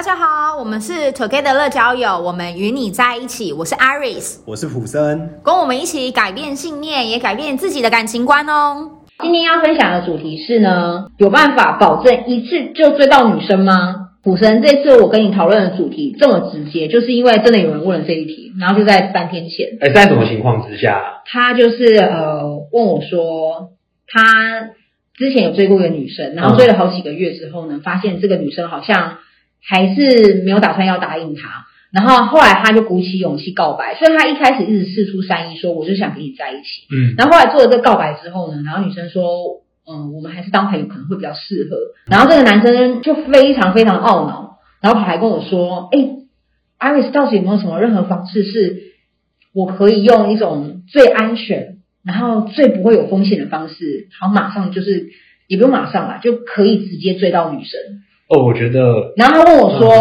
大家好，我們是 Together 樂交友，我們與你在一起。我是 Iris，我是普森，跟我們一起改變信念，也改變自己的感情觀哦。今天要分享的主題是呢，有辦法保證一次就追到女生嗎？普森，這次我跟你討論的主題這麼直接，就是因為真的有人問了這一題，然後就在三天前、欸，在什麼情況之下，他就是呃問我說，他之前有追過一個女生，然後追了好幾個月之後呢，嗯、發現這個女生好像。還是沒有打算要答應他，然後後來他就鼓起勇氣告白，所以他一開始一直釋出善意，說，我就想跟你在一起。嗯，然後後來做了這個告白之後呢，然後女生說，嗯，我們還是當朋友可能會比較適合。然後這個男生就非常非常懊惱，然後他還跟我說，哎，Iris，到底有沒有什麼任何方式是，我可以用一種最安全，然後最不會有風險的方式，好馬上就是也不用馬上吧，就可以直接追到女生？哦，我覺得，然後他問我說：“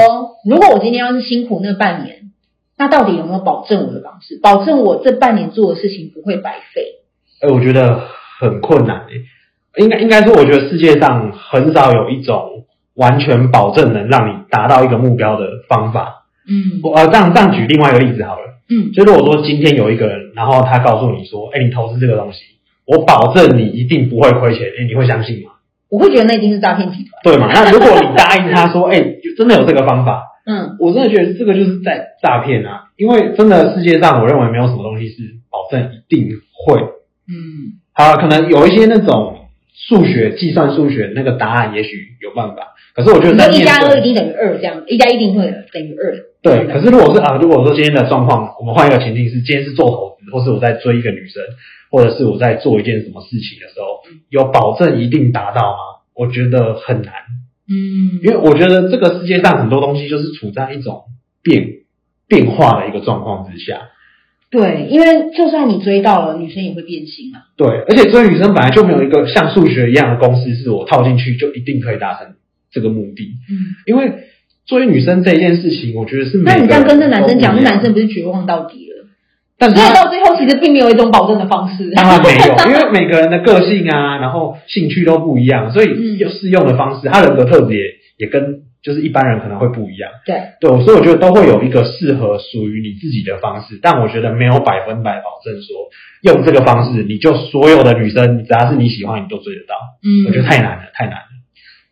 嗯、如果我今天要是辛苦那半年，那到底有沒有保證我的方式，保證我這半年做的事情不會白費？”哎、欸，我覺得很困難誒、欸，應該應該說，我覺得世界上很少有一種完全保證能讓你達到一個目標的方法。嗯，我呃這樣這樣舉另外一個例子好了。嗯，就如果說今天有一個人，然後他告訴你說：“哎、欸，你投資這個東西，我保證你一定不會虧錢。”欸、哎，你會相信嗎？我會覺得那一定是詐騙集團，對嘛？那如果你答應他說，哎， 真的有這個方法，嗯，我真的覺得這個就是在詐騙啊，因為真的世界上，我認為沒有什麼東西是保證一定會，嗯，好、啊，可能有一些那種數學計算數學那個答案也許有辦法，可是我覺得那一加二已經等於二，這樣一加一一定會了等於二。對，可是如果是啊，如果說今天的狀況，我們換一個情境，是今天是做投資，或是我在追一個女生。或者是我在做一件什麼事情的時候，有保證一定達到嗎？我覺得很難。嗯，因為我覺得這個世界上很多東西就是處在一種變變化的一個狀況之下。對，因為就算你追到了女生，也會變心啊。對，而且追女生本來就沒有一個像數學一樣的公式，是我套進去就一定可以達成這個目的。嗯，因為追女生這一件事情，我覺得是。那你這樣跟這男生講，這男生不是絕望到底？所以到最後，其實並沒有一種保證的方式。當然沒有，因為每個人的個性啊，然後興趣都不一樣，所以有適用的方式。他人格特質也也跟就是一般人可能會不一樣。對，對，所以我覺得都會有一個適合屬於你自己的方式。但我覺得沒有百分百保證說用這個方式，你就所有的女生，只要是你喜歡，你都追得到。嗯，我覺得太難了，太難了。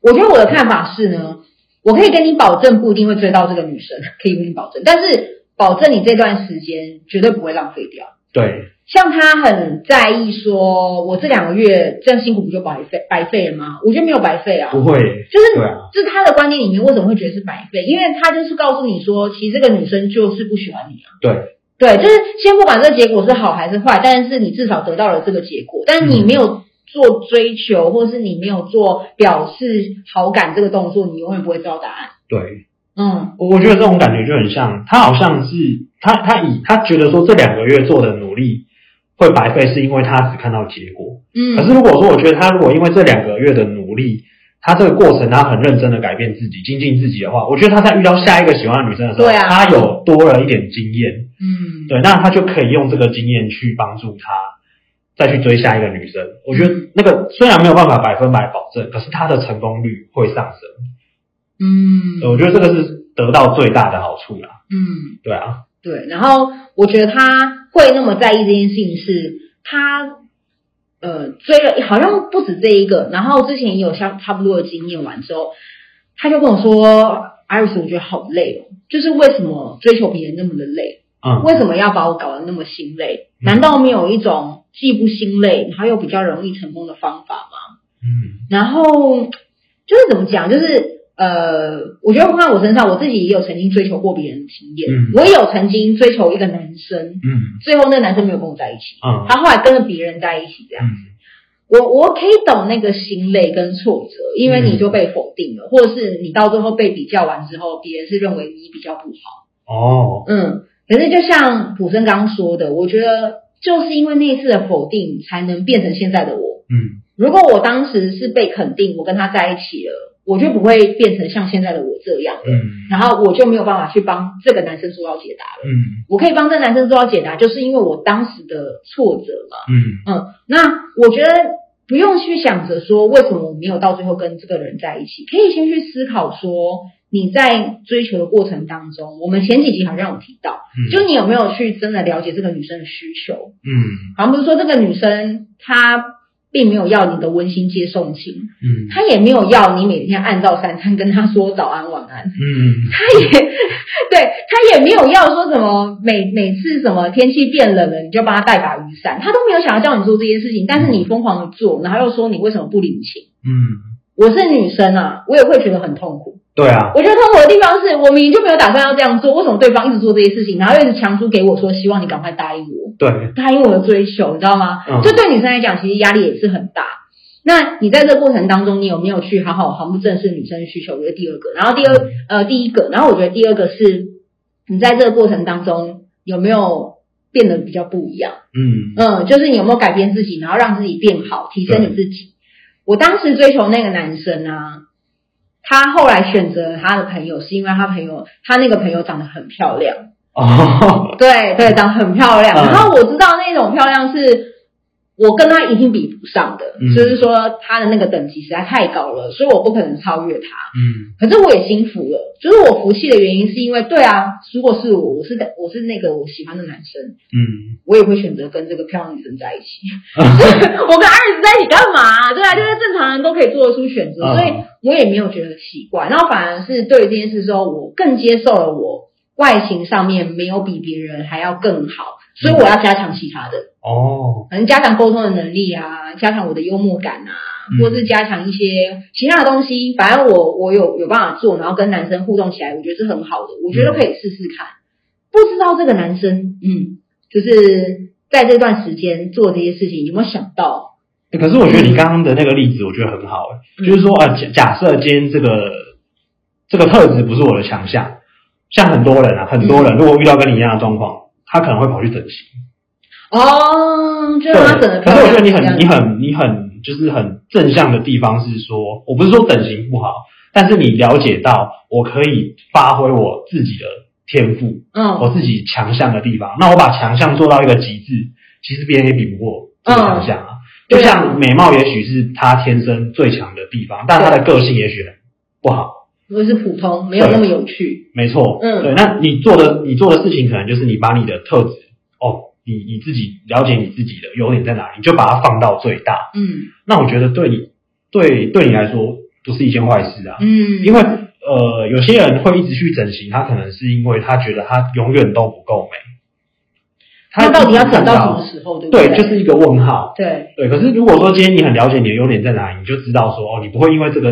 我覺得我的看法是呢，嗯、我可以跟你保證，不一定會追到這個女生，可以跟你保證，但是。保證你這段時間絕對不會浪費掉。對，像他很在意說，說我這兩個月這樣辛苦不就白費白費了嗎？我覺得沒有白費啊。不會，就是、對啊、就是他的觀念裡面為什麼會覺得是白費？因為他就是告訴你說，其實這個女生就是不喜歡你啊。對，對，就是先不管這個結果是好還是壞，但是你至少得到了這個結果，但是你沒有做追求、嗯，或是你沒有做表示好感這個動作，你永遠不會知道答案。對。嗯，我我覺得這種感覺就很像，他好像是他他以他覺得說這兩個月做的努力會白費，是因為他只看到結果。嗯。可是如果說我覺得他如果因為這兩個月的努力，他這個過程他很認真的改變自己、精進自己的話，我覺得他在遇到下一個喜歡的女生的時候，對啊。他有多了一點經驗。嗯，對，那他就可以用這個經驗去幫助他再去追下一個女生。我覺得那個雖然沒有辦法百分百保證，可是他的成功率會上升。嗯，so, 我覺得這個是得到最大的好處啦、啊。嗯，對啊，對。然後我覺得他會那麼在意這件事情，是他呃追了好像不止這一個，然後之前也有相差不多的經驗完之後，他就跟我說：“Iris，我覺得好累哦，就是為什麼追求別人那麼的累？啊、嗯，為什麼要把我搞得那麼心累、嗯？難道沒有一種既不心累，嗯、然後又比較容易成功的方法嗎？”嗯，然後就是怎麼講，就是。呃，我覺得放在我身上，我自己也有曾經追求過別人的體驗。嗯、我也有曾經追求一個男生，嗯，最後那個男生沒有跟我在一起，嗯、他後來跟了別人在一起這樣子。嗯、我我可以懂那個心累跟挫折，因為你就被否定了、嗯，或者是你到最後被比較完之後，別人是認為你比較不好。哦，嗯，可是就像普森剛剛說的，我覺得就是因為那次的否定，才能變成現在的我。嗯，如果我當時是被肯定，我跟他在一起了。我就不會變成像現在的我這樣，嗯，然後我就沒有辦法去幫這個男生做到解答了，嗯，我可以幫這個男生做到解答，就是因為我當時的挫折嘛，嗯嗯，那我覺得不用去想着說為什麼我沒有到最後跟這個人在一起，可以先去思考說你在追求的過程當中，我們前幾集好像有提到，就你有沒有去真的了解這個女生的需求，嗯，好像比如說這個女生她。並沒有要你的溫馨接送情，嗯，他也沒有要你每天按照三餐跟他說早安晚安，嗯，他也，對，他也沒有要說什麼每每次什麼天氣變冷了，你就幫他帶把雨傘，他都沒有想要叫你做這些事情，但是你瘋狂的做，然後又說你為什麼不領情，嗯，我是女生啊，我也會覺得很痛苦。對啊，我覺得痛苦的地方是我明明就沒有打算要這樣做，為什麼對方一直做這些事情，然後又一直強租給我說，希望你趕快答應我，對，答應我的追求，你知道嗎？這、嗯、對女生來講其實壓力也是很大。那你在這個過程當中，你有沒有去好好、毫不正視女生的需求？我覺得第二個。然後第二、嗯、呃，第一個，然後我覺得第二個是，你在這個過程當中有沒有變得比較不一樣？嗯嗯，就是你有沒有改變自己，然後讓自己變好，提升你自己？我當時追求那個男生呢、啊？他後來選擇他的朋友，是因為他朋友，他那個朋友長得很漂亮。哦、oh.，對對，長得很漂亮。Oh. 然後我知道那種漂亮是，我跟他一定比不上的，mm. 就是說他的那個等級實在太高了，所以我不可能超越他。嗯、mm.，可是我也心服了，就是我服氣的原因是因為，對啊，如果是我，我是我是那個我喜歡的男生。嗯、mm.。我也會選擇跟這個漂亮女生在一起。 我跟 Iris 在一起幹嘛、啊？對啊，就是正常人都可以做得出選擇、嗯，所以我也沒有覺得奇怪。然後反而是對於這件事說，我更接受了我外形上面沒有比別人還要更好，所以我要加強其他的哦，反、嗯、正加強溝通的能力啊，加強我的幽默感啊，嗯、或是加強一些其他的東西。反正我我有有辦法做，然後跟男生互動起來，我覺得是很好的，我覺得可以試試看。嗯、不知道這個男生，嗯。就是在這段時間做這些事情，你有沒有想到？可是我覺得你剛剛的那個例子，我覺得很好、欸嗯。就是說啊、呃，假假設今天這個這個特質不是我的強項，像很多人啊，很多人如果遇到跟你一樣的狀況、嗯，他可能會跑去整形。哦、嗯，就他整的，嗯、可是我覺得你很、你很、你很，就是很正向的地方是說，我不是說整形不好，但是你了解到我可以發揮我自己的。天賦，嗯、oh.，我自己強項的地方，那我把強項做到一個極致，其實別人也比不過這個強項啊。Oh. 就像美貌，也許是他天生最強的地方，但他的個性也許不好，如果是普通，沒有那麼有趣。沒錯，嗯，對。那你做的你做的事情，可能就是你把你的特質，哦、oh,，你你自己了解你自己的優點在哪裡，你就把它放到最大。嗯，那我覺得對你對對你來說不是一件壞事啊。嗯，因為。呃，有些人會一直去整形，他可能是因為他覺得他永遠都不夠美。他到底要整到什麼時候？對不對，對，就是一個問號。對對，可是如果說今天你很了解你的優點在哪裡，你就知道說哦，你不會因為這個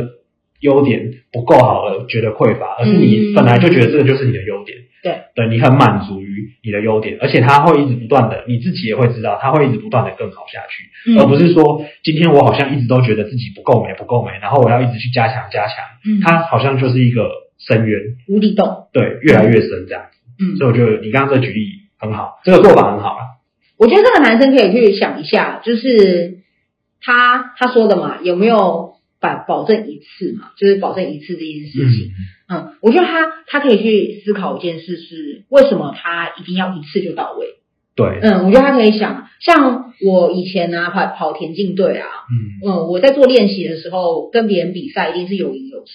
優點不夠好而覺得匱乏，而是你本來就覺得這個就是你的優點。嗯，對對，你很滿足。你的優點，而且他會一直不斷的，你自己也會知道，他會一直不斷的更好下去，嗯、而不是說今天我好像一直都覺得自己不夠美，不夠美，然後我要一直去加強加強。他、嗯、好像就是一個深淵、無底洞，對，越來越深這樣、嗯、所以我覺得你剛剛這舉例很好，這個做法很好啊。我覺得這個男生可以去想一下，就是他他說的嘛，有沒有？保證一次嘛，就是保證一次這件事情。嗯，嗯我覺得他他可以去思考一件事：是為什麼他一定要一次就到位？對。嗯，我覺得他可以想，像我以前呢、啊、跑跑田徑隊啊，嗯嗯，我在做練習的時候跟別人比賽，一定是有贏有輸。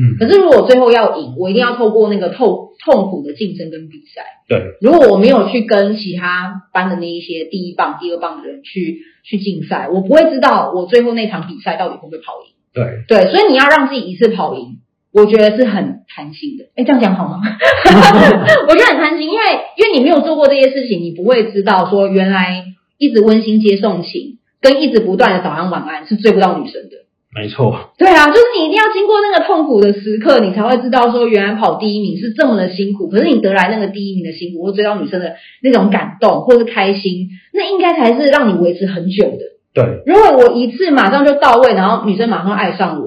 嗯。可是如果最後要贏，我一定要透過那個痛痛苦的競爭跟比賽。對。如果我沒有去跟其他班的那一些第一棒、第二棒的人去去競賽，我不會知道我最後那場比賽到底會不會跑贏。對對，所以你要讓自己一次跑贏，我覺得是很貪心的。哎、欸，這樣講好嗎？ 我覺得很貪心，因為因為你沒有做過這些事情，你不會知道說原來一直溫馨接送情，跟一直不斷的早安晚安是追不到女生的。沒錯。對啊，就是你一定要經過那個痛苦的時刻，你才會知道說原來跑第一名是這麼的辛苦。可是你得來那個第一名的辛苦，或追到女生的那種感動，或是開心，那應該才是讓你維持很久的。對，如果我一次馬上就到位，然後女生馬上愛上我，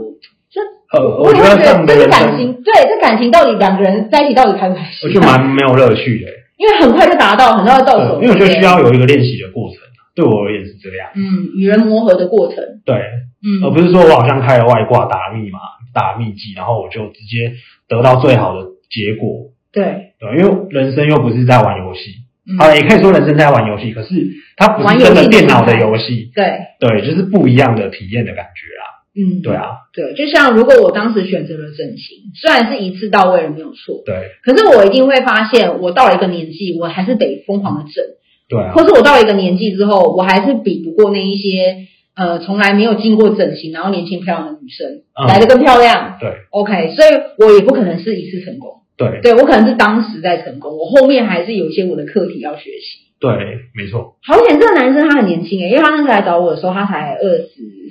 就、呃、我就會覺得這是感情。對，這感情到底兩個人在一起到底開不開心、啊。我就蠻沒有樂趣的，因為很快就達到很，很快到手。因為我就需要有一個練習的過程，對我而言是這樣子。嗯，與人磨合的過程。對，嗯，而不是說我好像開了外掛、打密碼、打秘籍，然後我就直接得到最好的結果。對，對，因為人生又不是在玩遊戲。嗯、啊，也可以說人生在玩遊戲，可是它不是真的電腦的遊戲。對對，就是不一樣的體驗的感覺啊，嗯，對啊，對，就像如果我當時選擇了整形，雖然是一次到位了沒有錯，對，可是我一定會發現，我到了一個年紀，我還是得瘋狂的整，對、啊，或是我到了一個年紀之後，我還是比不過那一些呃從來沒有進過整形，然後年輕漂亮的女生，嗯、來得更漂亮，對，OK，所以我也不可能是一次成功。對對，我可能是當時在成功，我後面還是有一些我的課題要學習。對，沒錯。好險，這個男生他很年輕誒、欸，因為他那時候來找我的時候，他才二十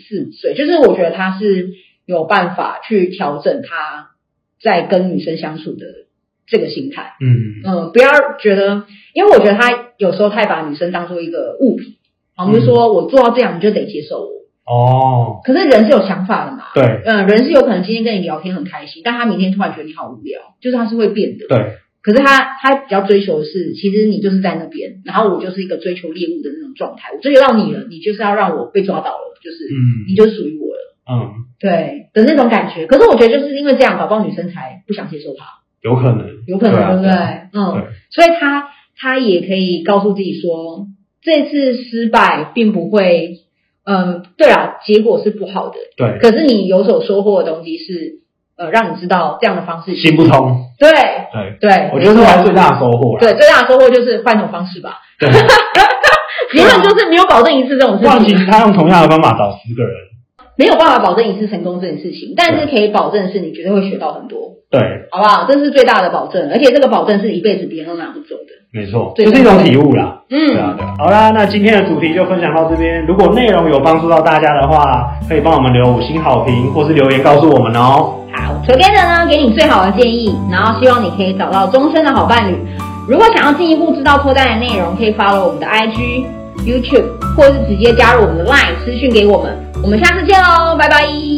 四歲，就是我覺得他是有辦法去調整他在跟女生相處的這個心態。嗯嗯，不要覺得，因為我覺得他有時候太把女生當做一個物品，好比說我做到這樣，你就得接受我。哦，可是人是有想法的嘛。對，嗯，人是有可能今天跟你聊天很開心，但他明天突然覺得你好無聊，就是他是會變的。對，可是他他比較追求的是，其實你就是在那邊，然後我就是一個追求獵物的那種狀態，我追求到你了，你就是要讓我被抓到了，就是、嗯、你就屬於我了，嗯，對的那種感覺。可是我覺得就是因為這樣，寶寶女生才不想接受他，有可能，有可能，對不對、啊、對、啊對啊。嗯對，所以他他也可以告訴自己說，這次失敗並不會。嗯，對啦、啊，結果是不好的。對，可是你有所收穫的東西是，呃，讓你知道這樣的方式行不通。對對對，我覺得這是還最大的收穫啦。對，最大的收穫就是換種方式吧。對、啊。哈哈哈哈！結論就是沒有保證一次這種事情。萬一、啊、他用同樣的方法找十個人，沒有辦法保證一次成功這件事情，但是可以保證是你絕對會學到很多。對，好不好？這是最大的保證，而且這個保證是一輩子別人都拿不走的。沒錯，這、就是一種體悟啦。嗯，對啊，對。好啦，那今天的主題就分享到這邊。如果內容有幫助到大家的話，可以幫我們留五星好評，或是留言告訴我們哦。好，Together 呢，給你最好的建議，然後希望你可以找到終身的好伴侶。如果想要進一步知道脫單的內容，可以 follow 我們的 IG、YouTube，或是直接加入我們的 LINE 私訊給我們。我們下次見嘍，拜拜。